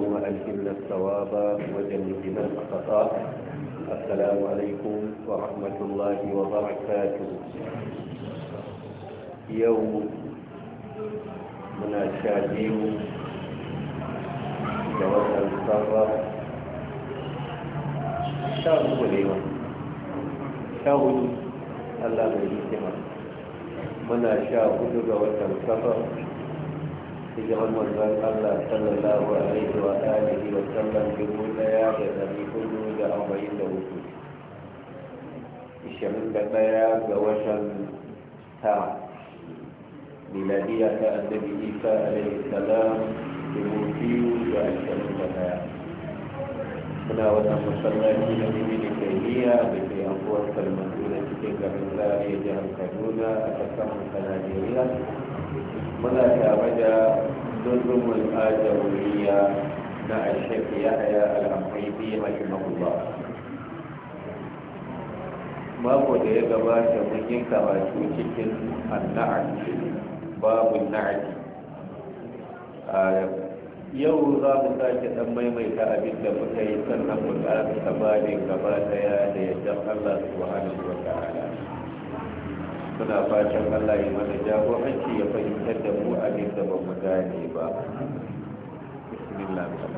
اللهم ألهمنا الثواب وجنبنا الخطأ السلام عليكم ورحمة الله وبركاته يوم من الشاديو جواب المقرر شهر اليوم شهر الله من من شاء خذ وتنكفر hijiran manzon Allah sallallahu alaihi wa alihi wa sallam dubu daya da dari hudu da arba'in da uku ishirin da daya ga watan ta miladiya ta annabi isa alaihi salam dubu da ashirin da daya muna wannan masallaci na ibn taymiya da ke cikin jihar kaduna a ta najeriya muna tare da dundun al'adar wuriya na ashafi ya haya al'amfaifi rahimahullah mako da ya gabata mun yi karatu cikin anna'ati babu na'adi. yau za mu sake dan maimaita abin da muka yi sannan mu ƙarasa babin gaba daya da yadda Allah subhanahu wa ta'ala suna fatan allah ya mana jagoranci ya fahimtar da mu abin da ba magani ba bismillah babu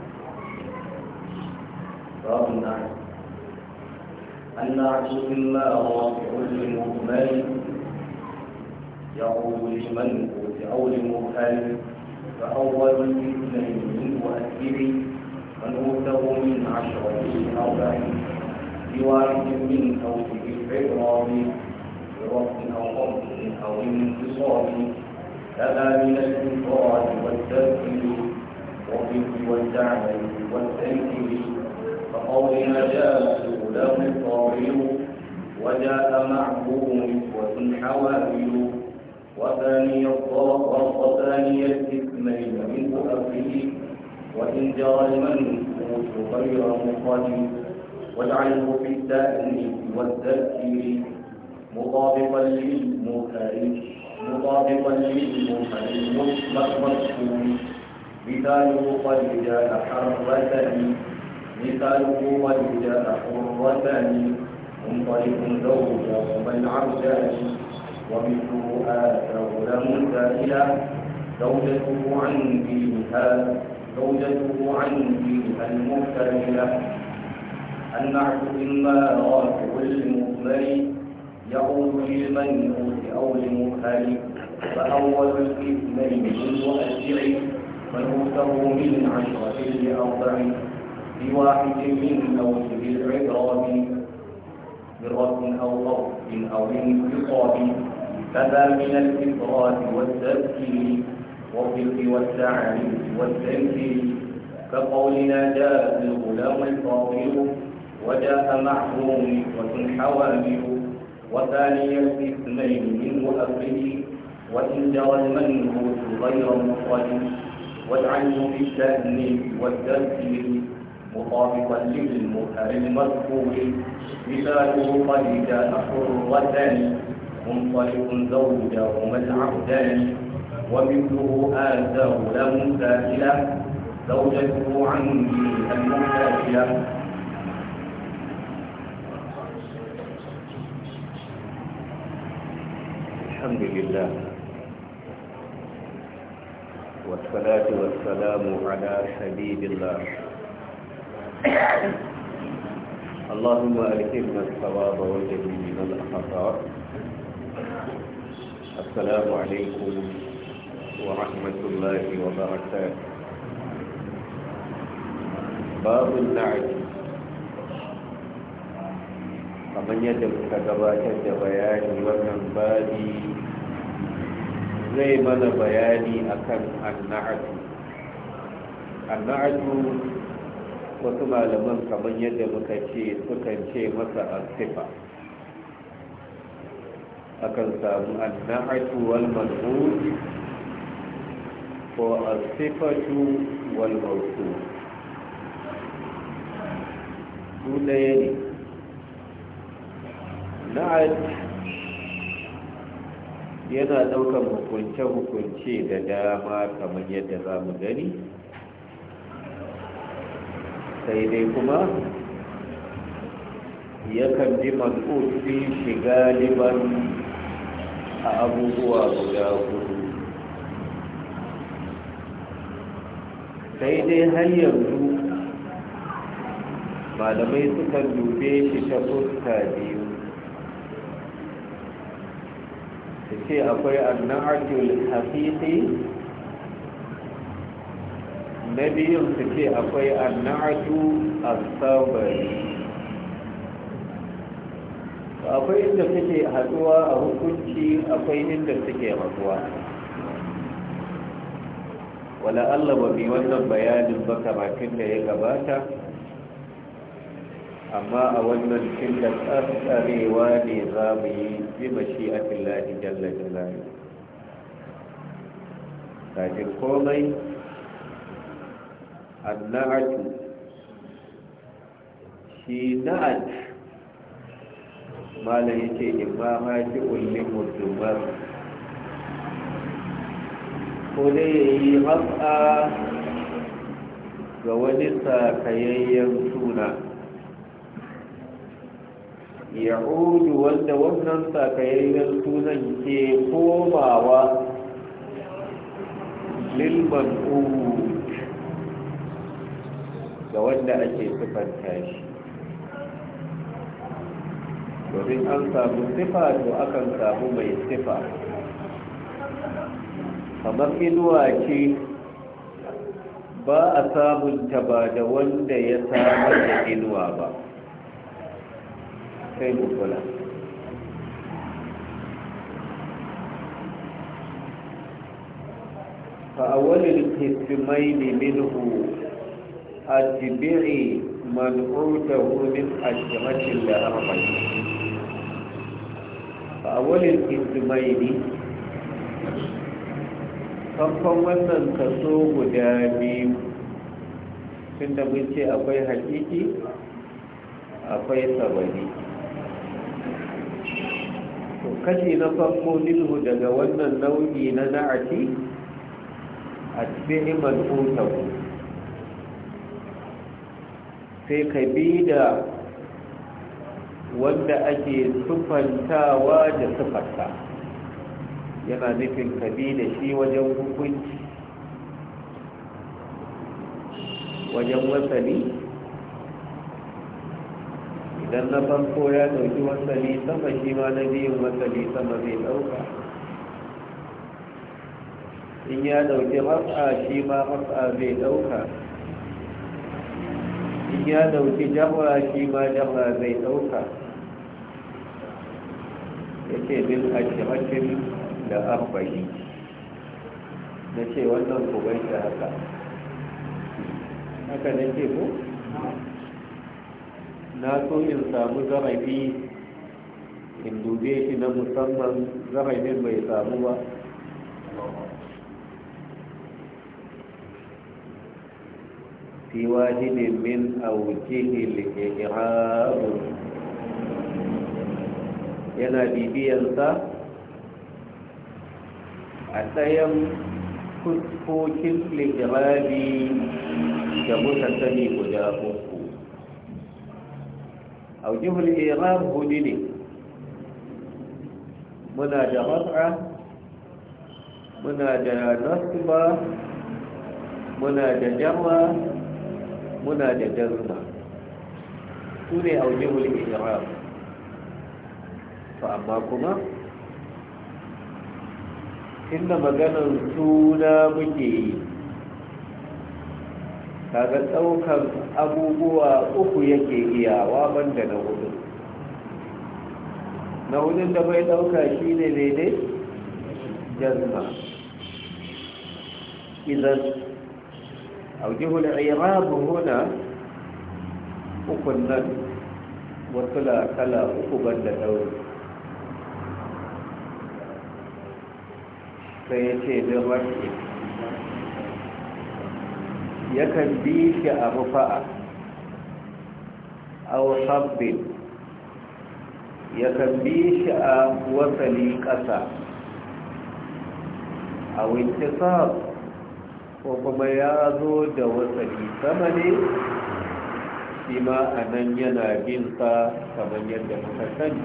na النعت مما رافع يعود لمن أو لمهل فأول الاثنين منه أكبري فنوته من عشرة أربعين بواحد من توفيق العراضي ضعف أو قبض أو انتصاب لنا من الإنقاذ والتذكير والذكر والتعب والتنكير فقول ما جاء له الطاغير وجاء معه نسوة حوامل وثاني وثاني الاثمين من أخيه وإن جرى المنفوس غير مخالف واجعله في التأنيث والتذكير مطابقا للمخارج مطابقا للمطلق مذكور مثاله والرجال حرتان مثاله والرجال حرتان منطلق زوجهما العبدان ومثله آتى غلام سائلا زوجته عن دينها زوجته عن دينها المحتملة النعت إما راكب المثمر يقول للميمون أو لمؤهل فأول الاثنين للمؤجر فنوته من عشرة لأربع بواحد من نوت بالعقاب مرة أو ضرب أو انتقاب فذا من الإفراد والتذكير والذكر والتعليم والتنكير كقولنا جاء الغلام الفاضل وجاء معهوم وكن حوامل وثاني الاثنين من مؤخره وإن جرى المنهوج غير مفرد والعين في التأنيب والتذكير مطابقا للمؤخر المذكور مثاله قد كان حرتان منطلق زوجهما العبدان ومثله آتاه لهم سائلة زوجته عنه المحتاجة الحمد لله والصلاة والسلام على حبيب الله اللهم ألهمنا الصواب من الخطأ السلام عليكم ورحمة الله وبركاته باب النعج فمن yadda muka gabatar ومن bayani zai mana bayani akan anna'atu anna'atu wasu malaman kamar yadda muka ce sukan ce masa asifa akan samu anna'atu wal mal'ud ko asifatu wal mawsu su ɗaya ne na'at yana daukan hukunce-hukunce da dama kamar yadda za mu gani sai dai kuma yakan ji matsotsi shiga liban a abubuwa guda hudu sai dai har yanzu malamai sukan dube shi ta fuska biyu ce akwai annahajul haqiqi na biyun su ce akwai annahaju asabari akwai inda suke haduwa a hukunci akwai inda suke haduwa wala Allah ba bi wannan bayanin ba karatun da ya gabata amma a wannan cikin da tsarewa ne za mu yi bi a lahi jallajin jalali kaji komai annahatu shi na'ad malam yake imma ma ki ulli mudumar ko ya yi ga wani sakayayyen suna Yahudu wanda wannan sakayayyen tunan ke komawa lilman ga wanda ake sifanta shi domin an samu sifa to akan samu mai sifa kamar inuwa ce ba a samunta ba da wanda ya samar da inuwa ba kai bukula fa a wani littattun mai da hu a jibiri manuruta hurin a jimacin da arabai Ba a wani littattun mai ne kamfan wannan kaso guda biyu tun da mun ce akwai haƙiƙi akwai sabani kashi na farko minhu daga wannan nau'i na na'ati a cikin mal'utaku sai ka bi da wanda ake sufantawa da sufarta yana nufin ka bi da shi wajen hukunci wajen wasani dan na farko ya dauki wasali sama shi ma na biyun wasali sama zai dauka in ya dauki matsa shi ma matsa zai dauka in ya dauki jabra shi ma jabra zai dauka ya ce bin ashirin da arba'in na ce wannan kuban shi haka haka na ce ko na so in samu zarafi in dube shi na musamman zarafin bai samu ba fi ne min aukihil ihrabu yana bibiyansa a tsayan fuskokin ligirabi da muka guda ko او أوجه الإيرام هدني منا دا رفعة منا دا نصبة منا دا جرة منا دا جرمة او أوجه الإيرام فأما كما إن مجانا سونا مجيئ kaga ɗaukar abubuwa uku yake iyawa banda na hudu na hudun da bai ɗauka shi ne daidai jazma idan aujihul irabu huna ukun nan wasu kala uku banda dauri sai ya ce da rashin yakan bi shi a rufa'a aw sabbin yakan bi shi a wasali ƙasa a wintisar ko kuma ya zo da wasali sama ne shi ma a nan yana bin sa kamar yadda muka sani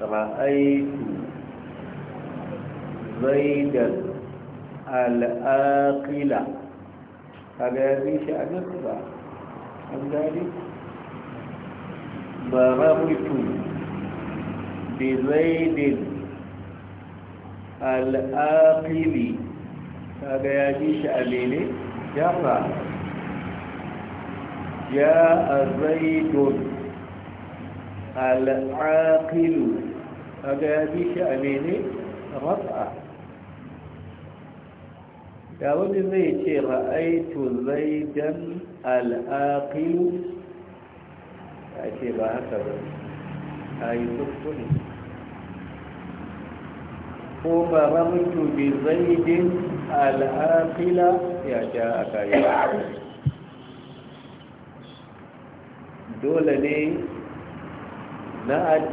ra'aitu zaidan al'aqila kaga ya shi a nasba an Ba barartu bi zaidin al'aqili kaga ya shi a lele ya fa ya zaidun al'aqilu kaga ya shi a lele rafa da wani zai ce ra'aitu zaidan al'aqilu a ce ba haka ba a yi kuskure ko ba ramutu bi zaidin al'aqila ya ja a kayi dole ne na'ad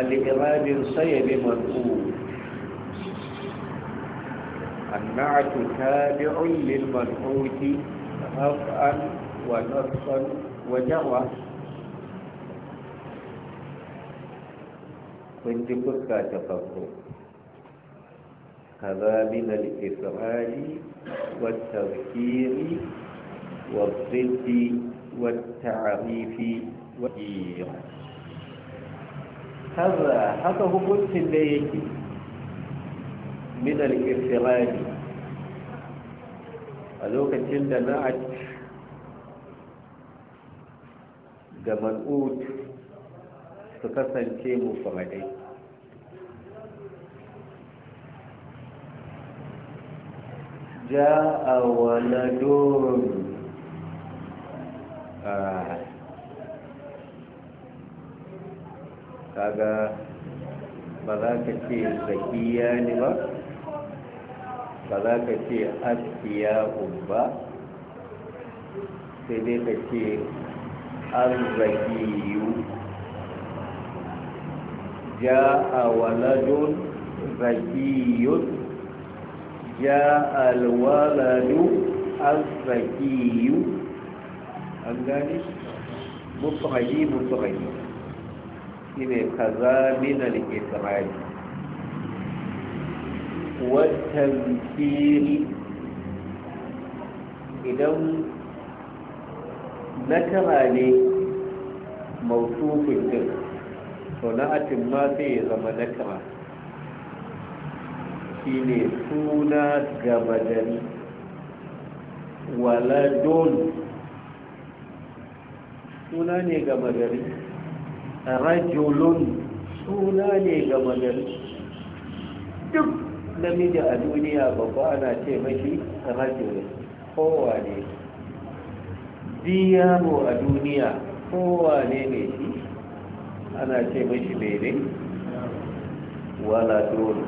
al'irabin sayabi matsuwa النعت تابع للمنحوت رفعا ونصا وجرا كنت جبكة تفكر هذا من الإفراج والتذكير والضد والتعريف والإيراد هذا هذا هو قلت اللي min al a lokacin da na'at da man'ut su kasance mu famadai ja'a waladun kaga ba za ka ce zakiya ne ba ba za ka ce asiya ba sai dai ka ce arzakiyu ja'a waladun zakiyun ja'a alwaladu arzakiyu an gane mutu haji mutu haji shi ne kaza min al-isra'i والتمثيل إذا نكر لي موصوف الدم صنعة ما في زمن نكر shine suna gaba gari waladun suna ne gaba gari rajulun suna ne gaba gari duk namiji a duniya babba ana ce mashi ne kowa ne diyaro a duniya kowa ne ne shi ana ce mashi mene wala dole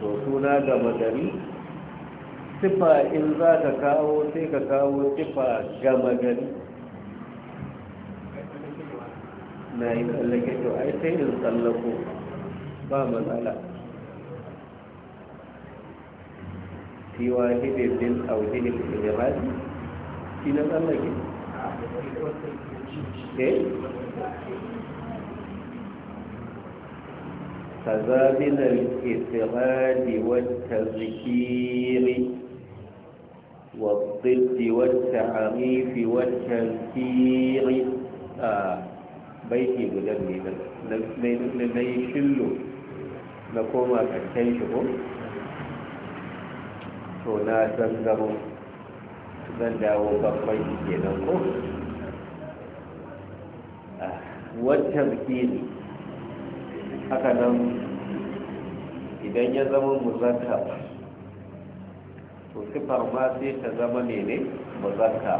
to suna ga magari sifa in za ka kawo sai ka kawo sifa ga magari na yi tsallake to ai sai in tsallako قام الألع في واحد من أوهن الإنغاز في نظر هذا إيه؟ من الإفغاد والتذكير والضد والتعريف والتذكير آه بيتي بدني ما يشلوا na koma karshen shi ko to na zangaro zan dawo babban shi kenan ko ah, wancan kini haka nan idan ya zama muzakka to sifar ma sai ta zama ne ne muzakka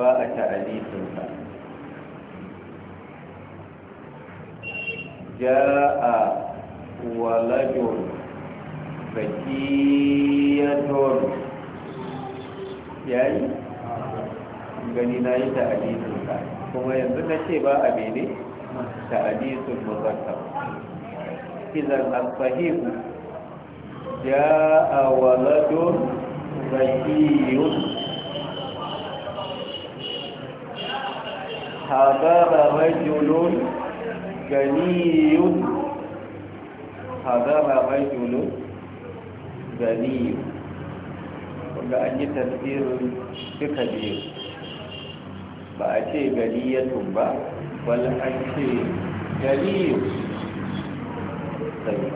ba a ta'alitinsa جاء ولد بكية yayi gani na yi ta'adisun ka kuma yanzu na ce ba a bene mene ta'adisun mazartar izan fahimu. ya a waladun zakiyun habara rajulun بني هذا رجل بني ولا أني تذكير بكبير بأتي بنية با ولا أتي بني طيب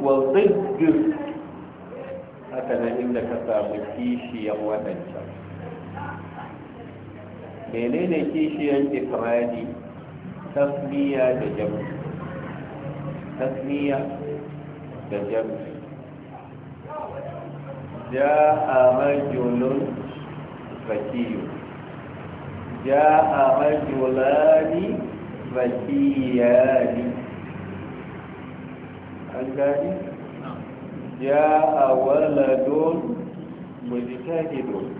وضد هكذا إنك صاحب فيه شيئا وتنشر menene kishiyan ifradi tasmiya da jam'i tasmiya da jam'i ja'a rajulun zakiyu ja'a rajulani zakiyani an gani ja'a waladun mujtahidun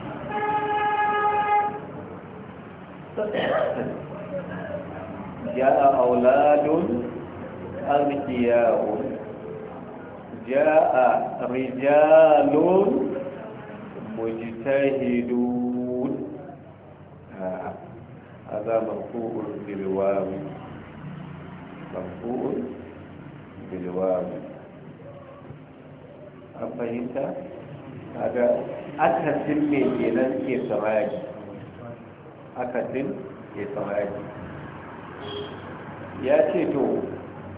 جاء أولاد أذكياء جاء رجال مجتهدون هذا مرفوع بالواو مرفوع بالواو أفهمت هذا أكثر من كيلان كيسراجي akasin ya samari ya ce to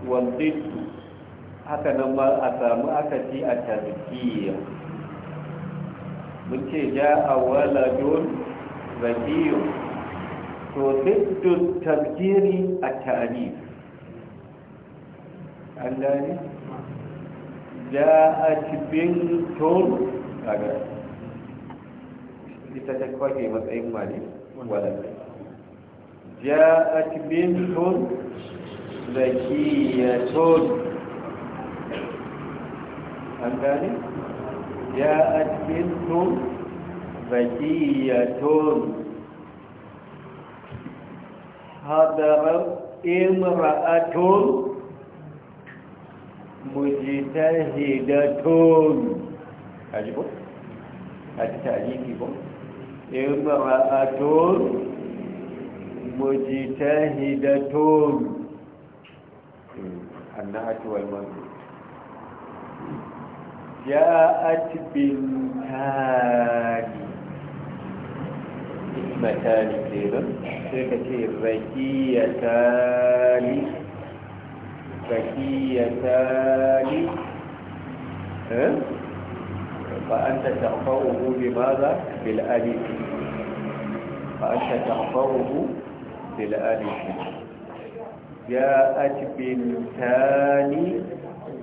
wanzittu haka nan ma a samu akasi a tazkiya mun ce ja a wala don zakiyo to ziddun tazkiri a ta'ani an gani ja a cibin ton a ita ta kwafe matsayin malin ولد جاءت بنت ذكية هل ذلك جاءت بنت ذكية هدر امرأة مجتهدة أجبت أجتأليكي بنت امرأة مجتهدة النعت والمنزل جاءت بنتان اسمتان كذا شركة الركيتان ركيتان فأنت ترفعه بماذا؟ بالألف aka tafaruhu bil alihi ya atbintani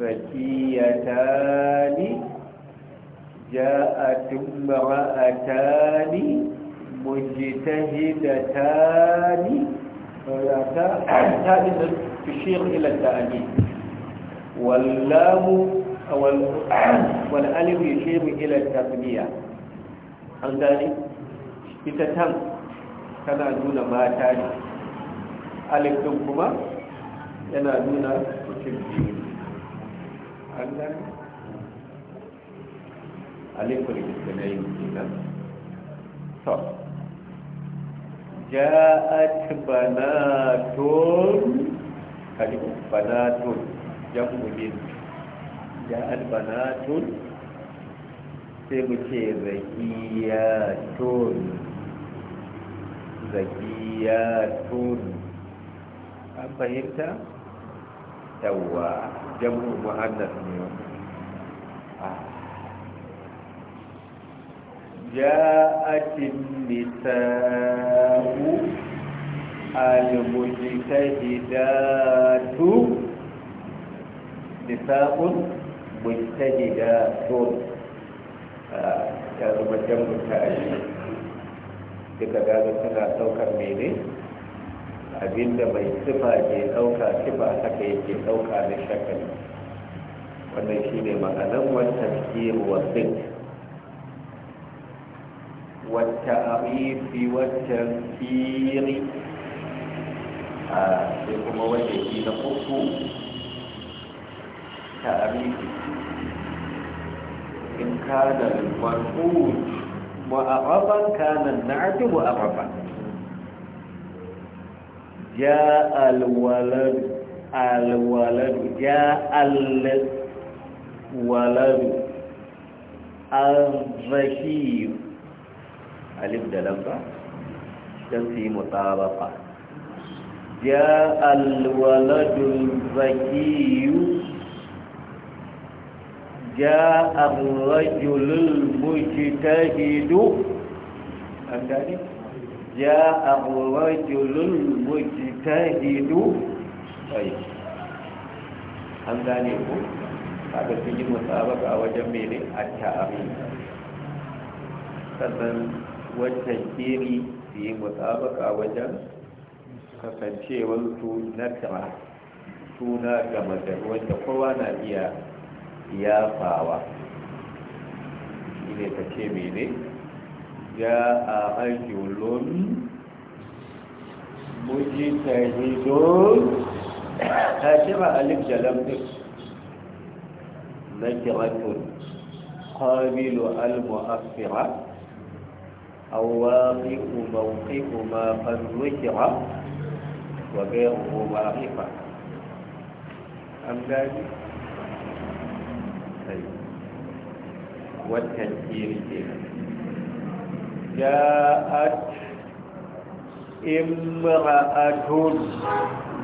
zakiyatani ja atumra'atani mujtahidatani ta'ani tushir ila ta'ani wallahu awal wal alif yushir ila tabniya al-dali kita tam tana nuna mata ne alifin kuma yana nuna mutum biyu an gani alifin iskanai ja to ja'at banatun kalibu banatun jam'u min ja'at banatun sai mu ce tun. زكياتون أم فهمت توا جمع مؤنث اليوم آه. جاءت النساء المجتهدات نساء مجتهدات آه. كانوا مجموعة أجيال duka gado suna ɗaukar mene abinda mai sifa ke ɗauka sifa haka yake ɗauka na shakali wannan shi ne ma'anan wata wa wasit wata abifi wata fiye a sai kuma wanda yi na uku ta abifi in kana al-mar'ud mu'arraban kana na'tibu arraban ya alwalad alwalad ya allad walad arrahim alif da lamba dan fi mutarafa جاء الرجل المجتهد أنتني جاء الرجل المجتهد طيب أنتني هذا في مسابقة وجميل التعريف sannan wancan iri su yi wajen kasancewar su na tara suna ga wanda kowa na iya yafawa shi ne ka ce mene ya a aiki wulon muji ta hidon ta ce ba alif jalam ɗin na kiratun قابل المؤثرة أو واقع موقف ما قد ذكر وغيره معرفة أم ذلك sosai watan iri ke ja'at imra'atun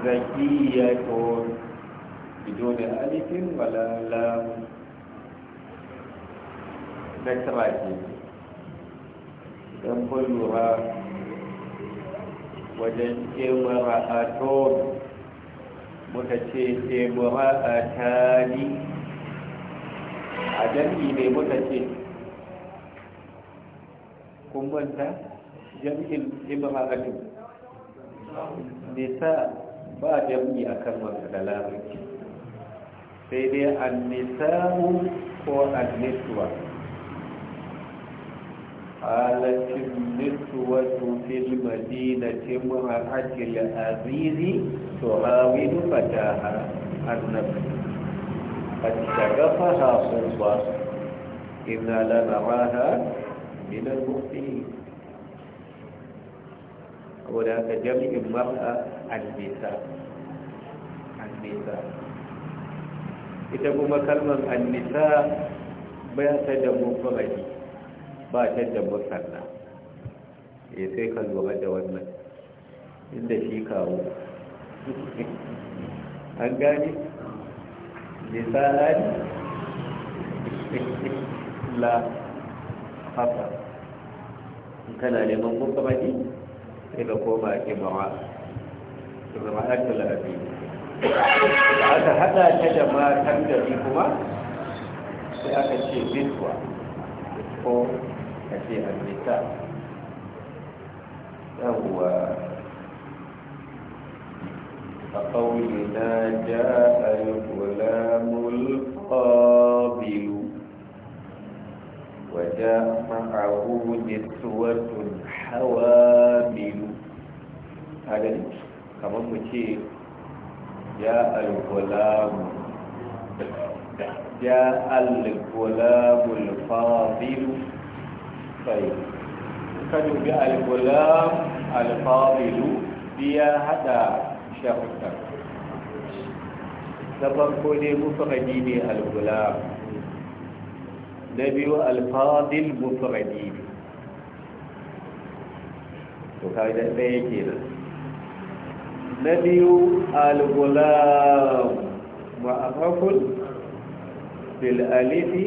zakiyatun بدون ألف ولا لام نكرة dan lura wajen imra'atun muka ce imra'atani a jam’i mai mata ce kumbanta jam’in ima ma’adu nisa ba jam’i a kan wata da larabci sai dai an nisa mu ko an nisuwa halacin nisuwa sufin madinacin ma’adu a jiri to hawi nufa ta har annabta قد شغفها صرفا إنا لنراها من المخطئين هناك جمع المرأة النساء النساء ita kuma kalmar annisa ba ta da mufarari ba ta da musanna ya sai ka lura da wannan inda shi kawo an gani lisanani la hafa kana neman kuka baki sai ka koma ke bawa su zama haka larabi aka haɗa ta da matan gari kuma sai aka ce bitwa ko ka ce annisa yawwa فقولنا جاء الغلام القابل وجاء معه نسوة حوامل هذا كما مشي جاء الغلام جاء الغلام الفاضل طيب كانوا بأ الغلام الفاضل بيا هذا sha uku na farko dai mufradi ne al-gulam na biyu al-fadil mufradi ne to kaga ɗaya kenan na biyu al-gulam ma'arafun bil alifi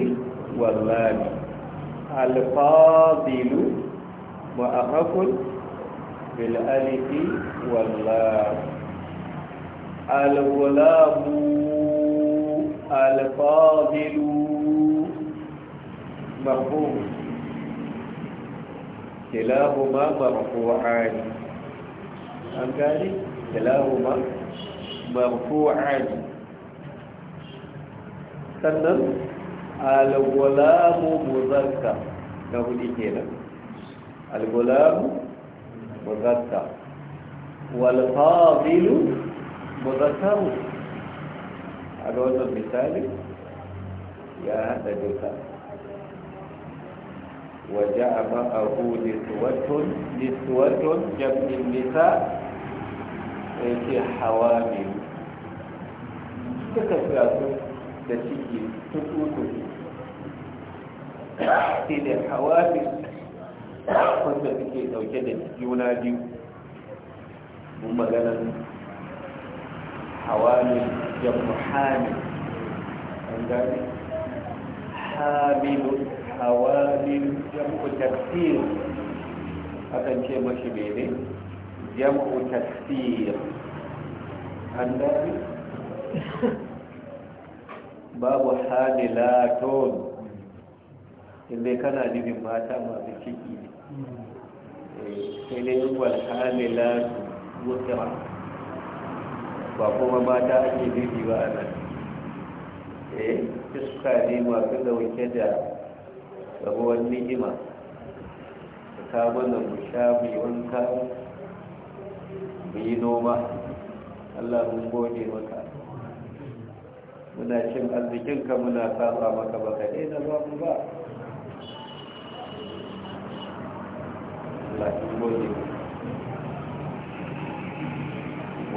wallani al-fadilu ma'arafun bil alifi wallani الغلام الفاضل مرفوع كلاهما مرفوعان أم قال كلاهما مرفوعان سنن الغلام مذكر له ديكينا الغلام مذكر والفاضل muzakaru a ga misali ya hada duka waje a ma'ahu niswaton jam'in nisa ya ce hawa ne suka fi da ciki sun tutu shi ne hawa ne wanda suke ɗauke da juna biyu mun maganar hawani ya muhani an gani hamilu jam'u tafsir akan ce mashi mene jam'u tafsir an gani babu hamilatun inda kana nufin mata masu ciki ne sai dai yin walhamilatu wutsira ba kuma mata ake bibi ba a nan eh suka ne masu dauke da rabuwar ni'ima da nan mu sha mai wanka mu yi noma allah mun gode maka muna cin arzikinka muna saba maka ba ne daina ba mu ba allah mun gode maka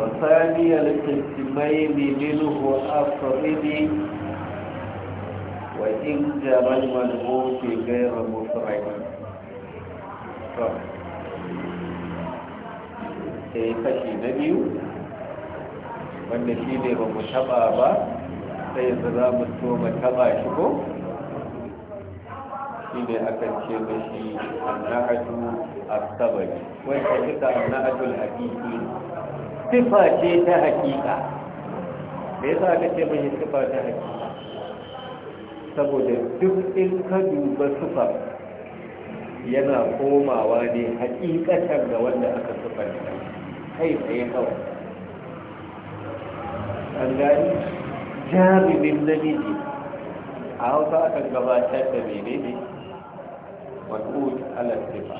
وثانيا للتسميم منه أفردي وإن جرى المنهور في غير مصرع كيف إيه، شي نبيو وأن شي نبيو متبع با سيزرى مستوى متبع شكو shine akan ce mashi annahatu astabari wai ka kika annahatu alhaqiqi sifa ce ta hakika da ya sa ce mai sifa ta hakika saboda duk in ka duba sifa yana komawa ne hakikatar da wanda aka sifa da kai tsaye kawai an gani jami'in namiji a hausa aka gabatar da menene wato ala sifa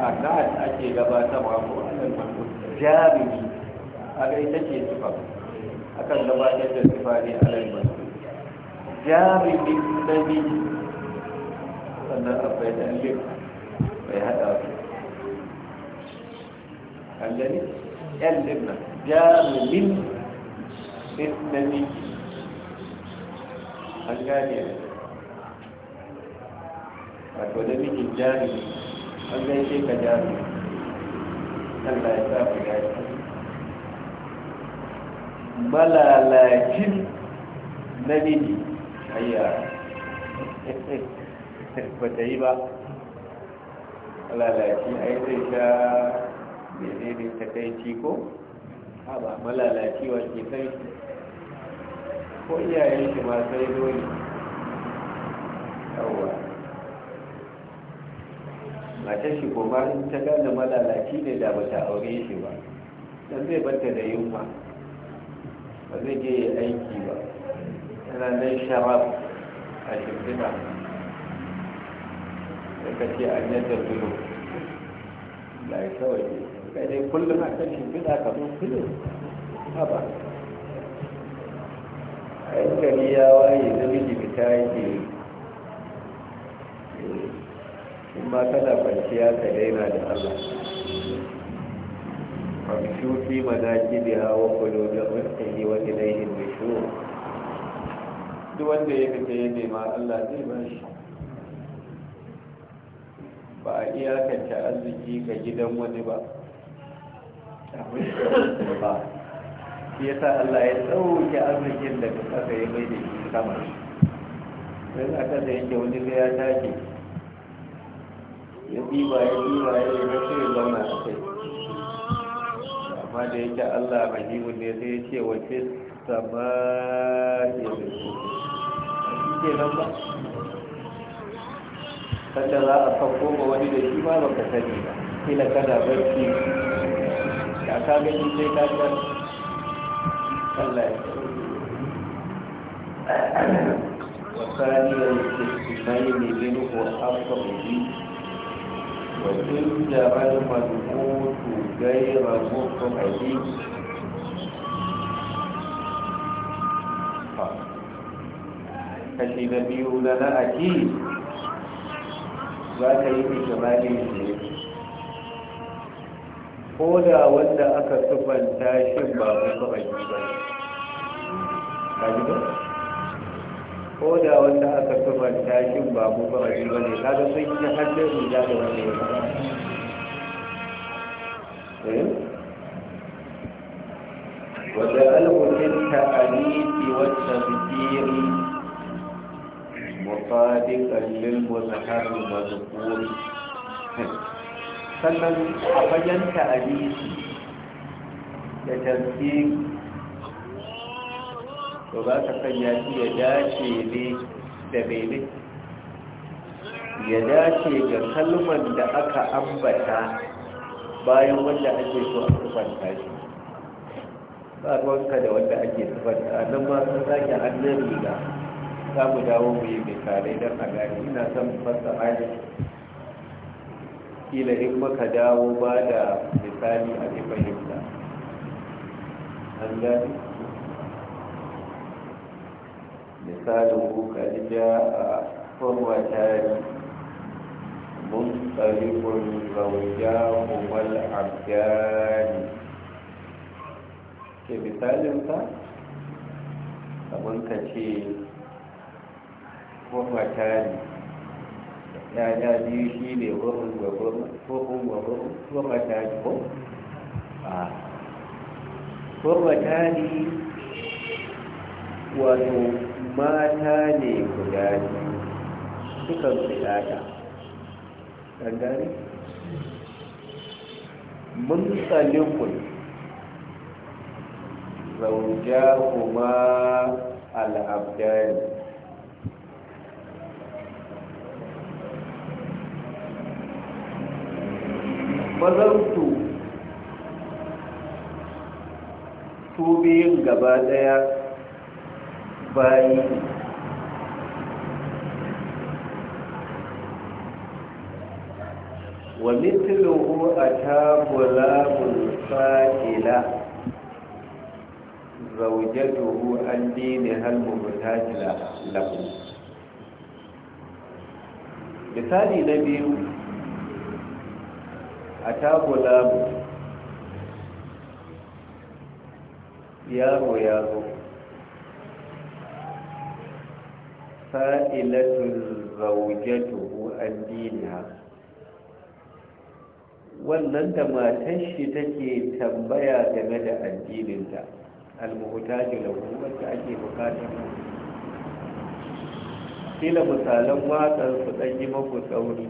rakat ake gabatarwa ko annal mahmud jami'i ce gabatar ne alal mahmud jami'i sannan akwai da bai su yan dinna jami'in an gane wato da mijin an gaishe ka jami Allah ya sa ku gashi malalacin namiji hayya ba ta yi ba malalaci ai zai sha menene takaici ko ha ba malalaci wa ke sai ko iyayen shi ma sai dole yawwa matar shi kuma in ta gane malalaci ne da ba ta aure shi ba dan zai barta da yunwa ba zai je yi aiki ba tana nan sharaf a shimfina da ka ce an yadda zulo da ya kawai kai dai kullum a kan shimfina kamar filo haba a yi gari ya waye namiji fita yake kuma ba kana kwanciya ta daina da allah kwamshu fi manaki da hawa kudu da mutane wani laihin da shuru duk wanda ya fita ya nema allah zai ba shi ba a iyakanta arziki ga gidan wani ba ba shi sa Allah ya tsauke arzikin da kasa ya mai da shi sama don aka da yake wani ya tashi ya ɗiba ya ɗiba ya yi rashin ya zauna a kai amma da yake allah rahimu ne sai ya ce wace sama ya zai cike nan ba Kada za a sauko ma wani da shi ma baka sani ba kila kana barci Ya ka gani sai ka san allah ya wasani ya yi mai ne minhu afkamu biyu وإن جرى المنقوط غير مخرج kashi na biyu na na'aki za ka yi ikimali ne ko da wanda aka sufanta shi ba mutu a ba ko da wanda aka kamanta shi ba mu ba ne ba ne kaga sun yi hannun riga da wanda ya fara وجعله في التأليف والتذكير مصادقا للمظهر المذكور sannan a fagen ta'adisi da tazkiri to za ka sanya shi ya dace ne da mene ya dace ga kalmar da aka ambata bayan wanda ake so a kubanta shi ba ruwanka da wanda ake kubanta nan ma sun sake hannun riga za mu dawo mu yi misalai don a gani ina son fasa hajji kila in muka dawo ba da misali a fahimta an gani إرساله قد mun tsari تاري منطلق الرجاء والعبدان ke misalinsa abin ka ce wata ne yaya biyu shi ne wurin ne ko? a turbata ne wato mata ne guda biyu suka fitata ɗangare mun kun, zauja kuma al'abdari mazautu su biyun gaba daya bayi wa mitiluhu a tabula fa'ila zaujatuhu an dini halmubuta lahu misali na biyu a tabula yaro yaro سائلة zawjatuhu an diniha wannan da matan shi take tambaya game da addininta almuhtaji da lahu wacce ake bukatar kila misalan waƙar su ɗan yi maku tsauri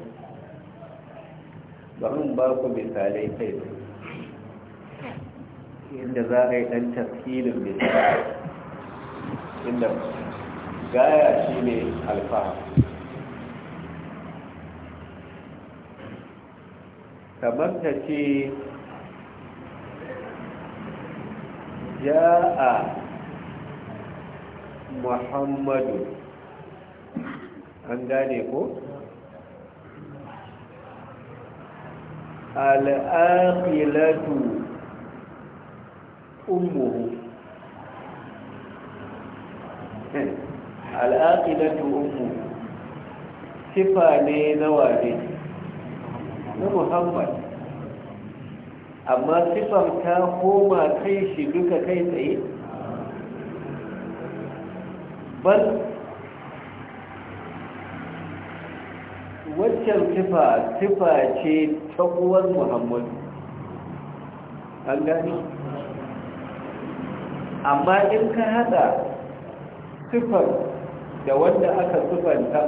ba mun ba ku misalai kai inda za a yi ɗan tafsirin misali inda gaya shi ne alfahar kamar ta ce ja'a muhammadu an gane ko al'aƙilatu umuhu al'aqidatu ummu sifa ne na waje. na muhammad amma sifar ta koma kai shi duka kai tsaye bal waccan sifa sifa ce ta uwar muhammadu an gani amma in ka hada sifar da wanda aka sufanta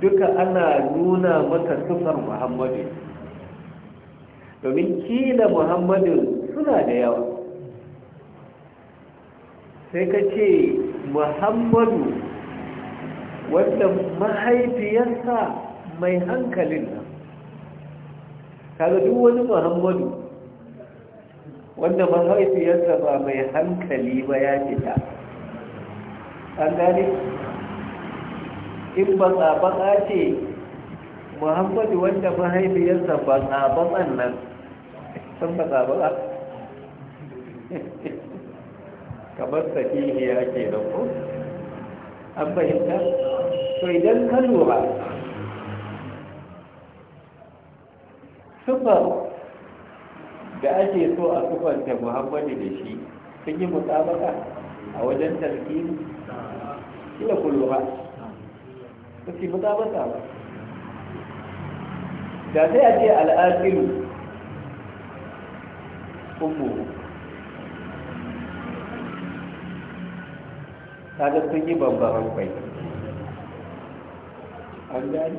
duka ana nuna maka sufar muhammadu domin kila muhammadu suna da yawa sai ka ce muhammadu wanda mahaifiyarsa mai hankalin nan kaga duk wani muhammadu wanda mahaifiyarsa ba mai hankali ba ya fita an gane in batsa-batsa ce muhammadu wanda mahaifiyarsa batsa-batsan nan sun ba batsa kamar sahihiya ke da ko an fahimta to idan ka lura sufar da ake so a sufanta muhammadu da shi sun yi mutsabaka a wajen tarkini kila ku lura ba ki buta ba da sai a ce al'aqilu ummu kaga sun yi bambaran kwai an gani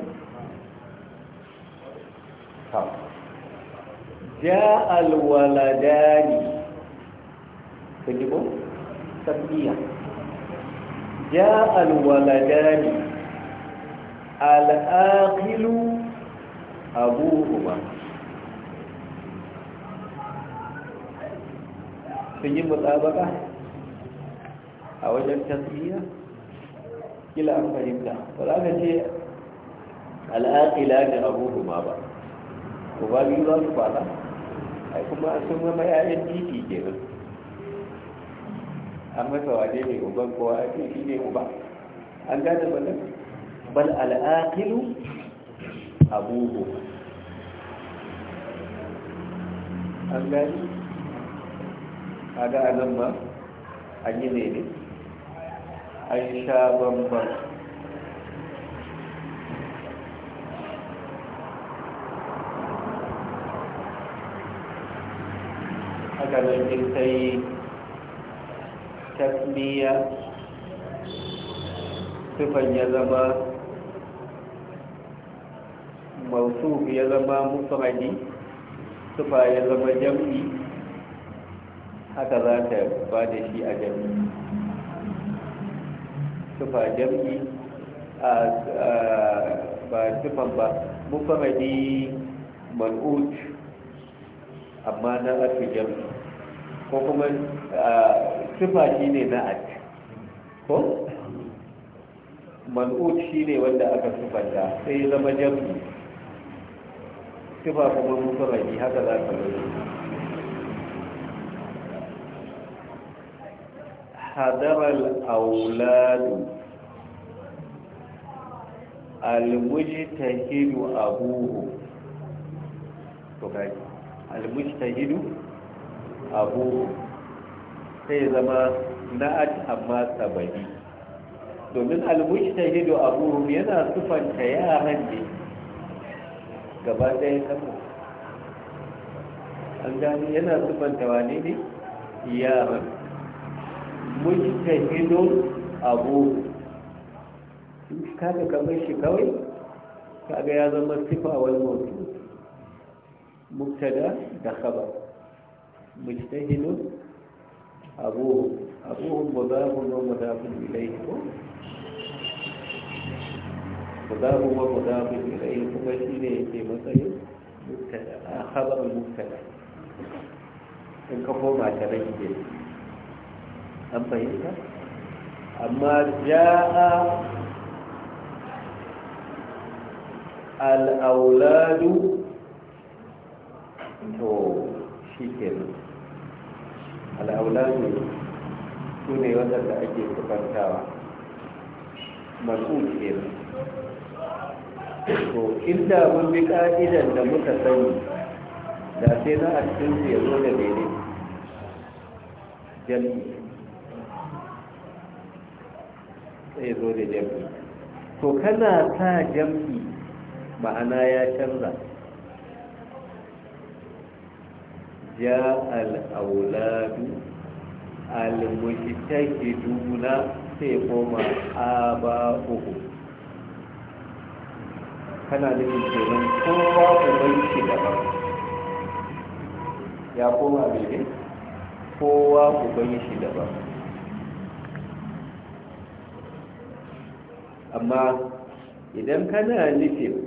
ja جاء الولدان الآقل أبوهما sun yi mutabaka a wajen tasiriya kila an fahimta ba za ka ce al'aƙila da abubuwa ba Ku ba biyu za su kwana ai kuma sun zama 'ya'yan titi kenan an masa wane ne uban kowa a ce shi ne uba an gane wannan bal al'aqilu abubu. an gani kaga anan ba an yi ne ne an sha bambam haka nan sai tasmiya sifan ya zama mausu ya zama mufradi sifa ya zama jam'i haka za ta ba da shi a jam'i sifa jam'i ba sifan ba mufradi mal'ut amma na ake jam'i ko kuma sifa shi ne na ake ko? man'ut shi ne wanda aka sifanta sai zama jamu sifa kuma mutu rani haka za ka rari hadarar auladu almujtahidu abuhu to kai almujtahidu abuhu sai ya zama na'at amma sabani domin almujtahidu abuhum yana sufanta yaran ne gaba ɗaya kanmu an gani yana sufanta wane ne yaran mujtahidu abuhum kaga kamar shi kawai kaga ya zama sifa wal mawdu mubtada da khabar mujtahidu abuhum abuhum mudafun wa mudafun ilayhi ko mudafun wa mudafun ilayhi kuma shi shine yake matsayin Mutane a khabarul mutane, in ka koma ka rage an fahimta amma ja'a a auladu to shi kenan Al'aulami su ne wadanda ake kufantawa masu ke to inda mun bi ka'idan da muka sani da sai na cikin su ya zo da bene jami'i sai zo da jami'i to kana sa jam'i ma'ana ya canza ja al'auladu al-mujtahiduna sai koma aba'uhu kana nufin kenan kowa uban shi daban ya koma bebe kowa uban shi daban amma idan kana nufin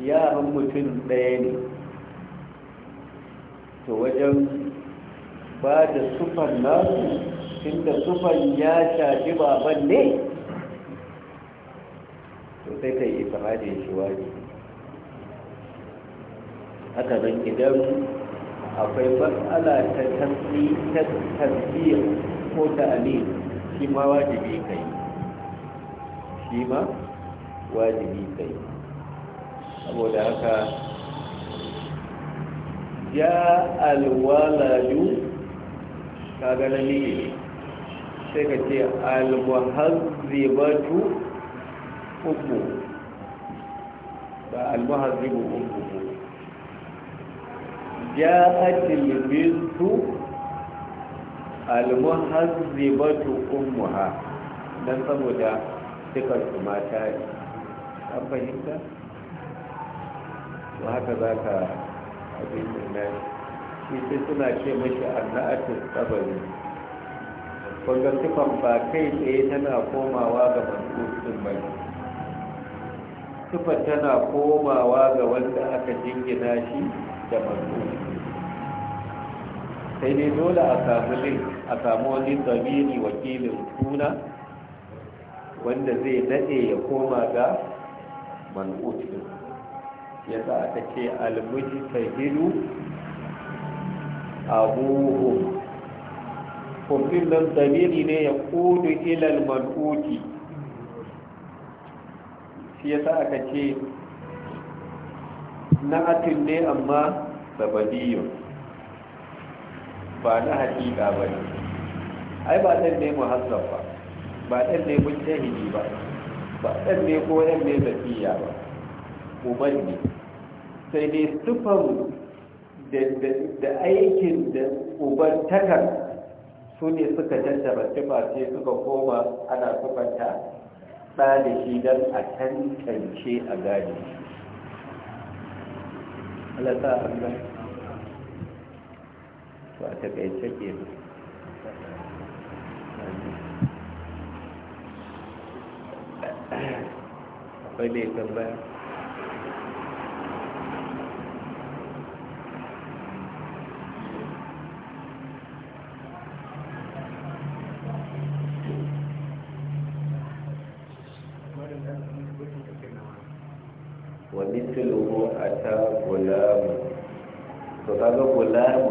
yaran mutum ɗaya ne ta wajen ba da sufan nasu inda sufan ya shafi baban ne to sai ta yi ifradin shi waje haka nan idan akwai matsala ta tasbiya ko ta amin shi ma wajibi kai shi ma wajibi kai saboda haka ja ka kaga namiji sai ka ce almuhazzibatu uku ba almuhazzibu uku ja'atil bintu almuhazzibatu ummuha dan saboda sifar su mata an fahimta to haka zaka Abin hadisin nan shi sai suna ce mashi anna'atul tsabari kunga sifan ba kai tsaye tana komawa ga mansusin ba sifan tana komawa ga wanda aka jingina shi da mansusin sai ne dole a samu link wani zamiri wakilin suna wanda zai daɗe ya koma ga mansusin ya sa aka ce almuji fahilu abubuwan kumfin nan dalili ne ya kudu ilal mal'uki shi ya sa aka ce na'atin ne amma sabadiyun ba na hakika ba ne ai ba ɗan ne muhazzab ba ba ɗan ne mujtahidi ba ba ɗan ne ko ɗan ne zakiya ba umar ne sai dai sufan da aikin da uban takar su ne suka tattara tufa sai suka koma ana sufanta ɗa shi don a tantance a gadi alasa allah a takaice ke gulamu to kaga gulamu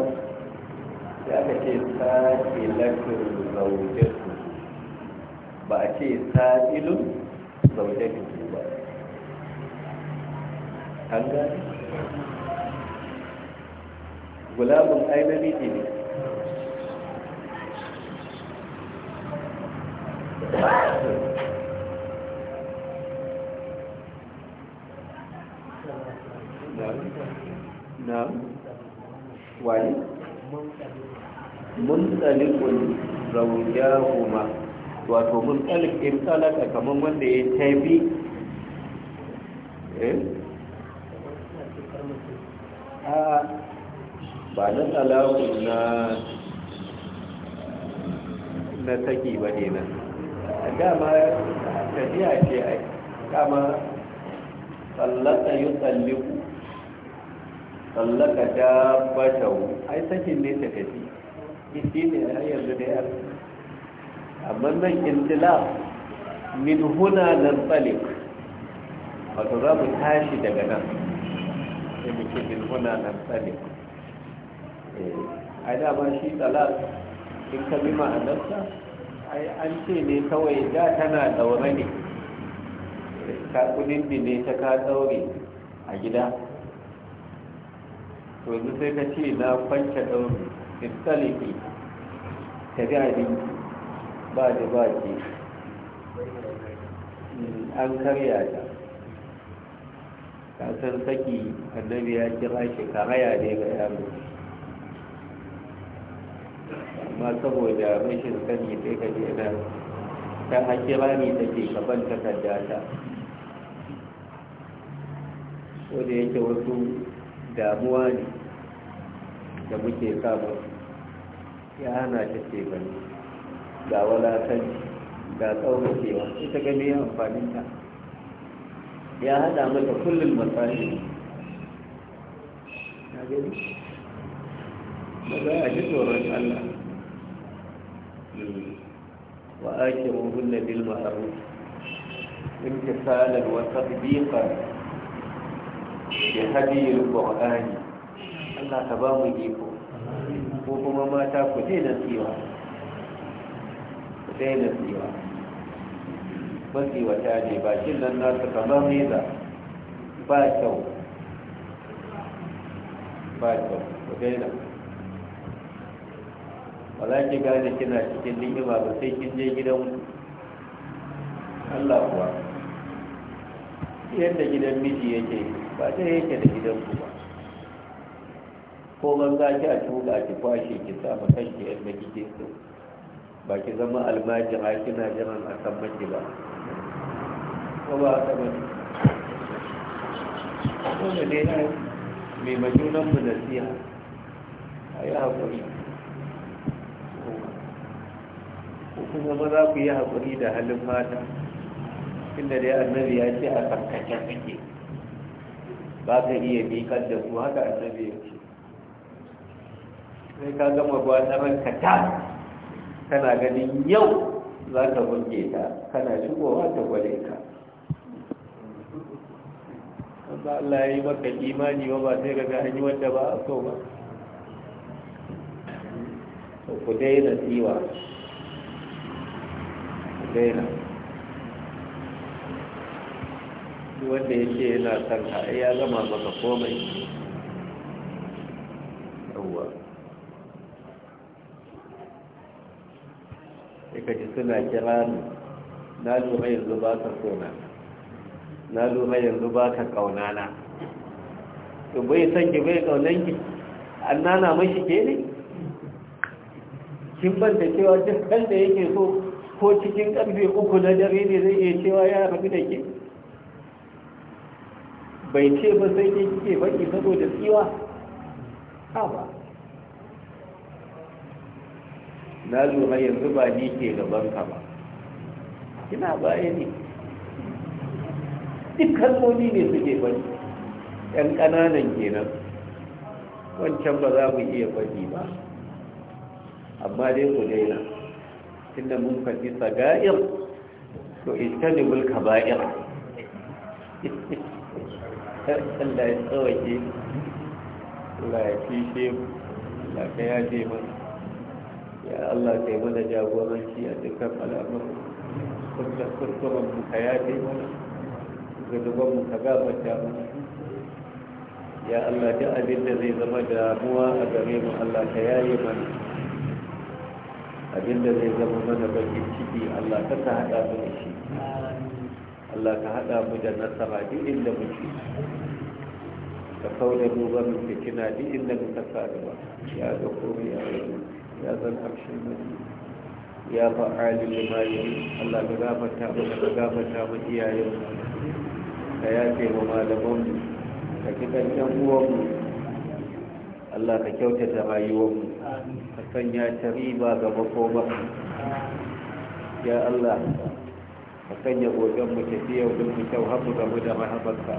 sai aka ce sa'ilatun zaujatu ba a ce ta sa'ilun zaujatu ba an gani gulamun ai namiji ne na wani muntalikun rauniya kuma wato muntalik imtalaka kamar wanda ya tafi eh a ba na talakun na na taki ba ne nan dama tafiya ce ai dama tsallata yi tsalliku tsallaka dabbatau ai sakin ne ta kafi shi ne a yanzu da yar amma nan intila min huna nan tsalik wato za mu tashi daga nan sai mu ce min huna nan tsalik eh, ai ba shi tsalar in ka bi ma'anarsa ai an ce ne kawai da tana daure ne eh, ka kudin ne ta ka daure a gida to yanzu sai ka ce na kwanta ɗauri istaliki ta bi abinci ba da ba ke an karya ta kasar saki annabi ya kira shi karaya ne ga yaro amma saboda rashin sani sai ka je na ta hakira ne ta ke kaban ta ko da yake wasu damuwa ne da muke samun ya hana ta ce gani ga walakanci ga tsaunacewa ita gani ya amfaninta ya hada mata kullum matsari na gani ba za a ji tsoron allah hmm. wa ake mahunna in ke salar wata biyu bi hadiyil qur'ani Allah ka ba mu iko ko kuma mata ku zai na tsiwa ku zai na tsiwa ba tsiwa ta ne ba shi nan na su kama meza ba kyau ba kyau ku zai na ba za ki gane kina cikin ni'ima ba sai kin je gidan Allah kuwa yadda gidan miji yake ba ta yake da gidanku ba ko ban za ki a tuga ki kwashe ki sa kan ki yadda kike so ba ki zama almaji a kina jiran a san maki ba ko ba ta ba ko ne ne mai majunan mu siya? a yi haƙuri ko kuma ba za ku yi haƙuri da halin mata inda dai annabi ya ce a tsarkaken kake ba ta iya miƙar da su haka annabi ya ce sai ka gama gwadarar ka ta kana ganin yau za ka burge ta kana shigowa ta gwale ka ba Allah ya yi maka imani ba ba sai ga an wanda ba a so ba ku daina tsiwa ku daina wanda ya ce yana son haɗe ya zama maka komai yawwa sai ka ji suna kira ni na lura yanzu ba ka sona na lura yanzu ba ka na to bai san ki bai kaunan ki an nana mashi ke ne kin banta cewa duk kan da yake so ko cikin karfe uku na dare ne zai iya cewa ya rabu da ke bai ce ba sai ke kike baki saboda tsiwa ha ba na lura yanzu ba ni ke gaban ka ba Kina baya ne duk kalmomi ne suke bari yan ƙananan kenan wancan ba za mu iya bari ba amma dai ku daina tunda mun faɗi saga'ir to ita ne mulka ba'ira Allah ya tsawake Allah ya fishe Allah ka yaje mana ya Allah ka mana jagoranci a dukkan al'amuran kurkuren ka yaje mana ka ya Allah zai zama damuwa a gare mu Allah yaye mana zai zama mana bakin ciki Allah ka ta haɗa mu da Allah ka haɗa mu da nasara muke ka kaune rubar da kina di inda ka sadu ba ya ga komai a yau ya san harshen mutum ya fa'ali limayi Allah ka gafarta mana ka gafarta mu iyayen ka yafe wa malaman mu ka ki ɗan uwan Allah ka kyautata rayuwar mu ka sanya ta riba ga makoma ya Allah ka sanya gogon mu tafiyar mu kyau har mu gamu da mahabbarka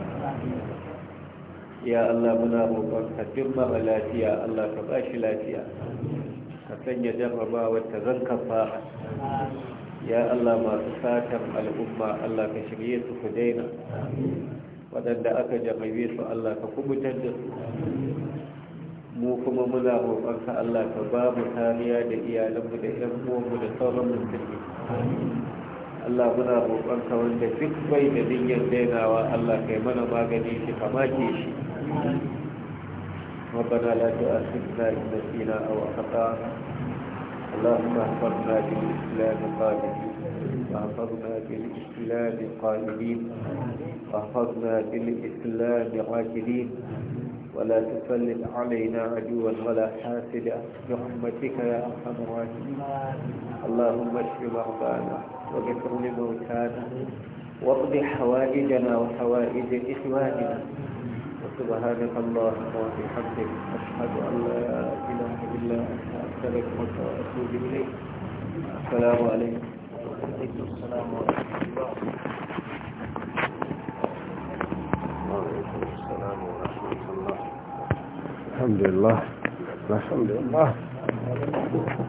ya Allah muna roƙon ka dimma lafiya Allah ka ba shi lafiya ka sanya jarraba wata zanka fara ya Allah masu satan al'umma Allah ka shirye su ku daina waɗanda aka jarrabe su Allah ka kubutar da su mu kuma muna ka Allah ka ba mu tariya da iyalanmu da ƴan uwanmu da sauran musulmi Allah muna ka wanda duk bai da niyyar dainawa Allah kai mana magani shi ke shi ربنا لا تؤاخذنا إن نسينا أو أخطأنا اللهم احفظنا بالإسلام قائمين واحفظنا بالإسلام قائمين واحفظنا بالإسلام عاجلين ولا تسلط علينا عدوا ولا حاسدا برحمتك يا أرحم الراحمين اللهم اشف مرضانا واغفر لموتانا واقض حوائجنا وحوائج إخواننا سبحانك الله وبحمدك أشهد أن لا إله إلا أنت أستغفرك وأتوب إليك السلام عليكم السلام ورحمة السلام ورحمة الله الحمد لله الحمد لله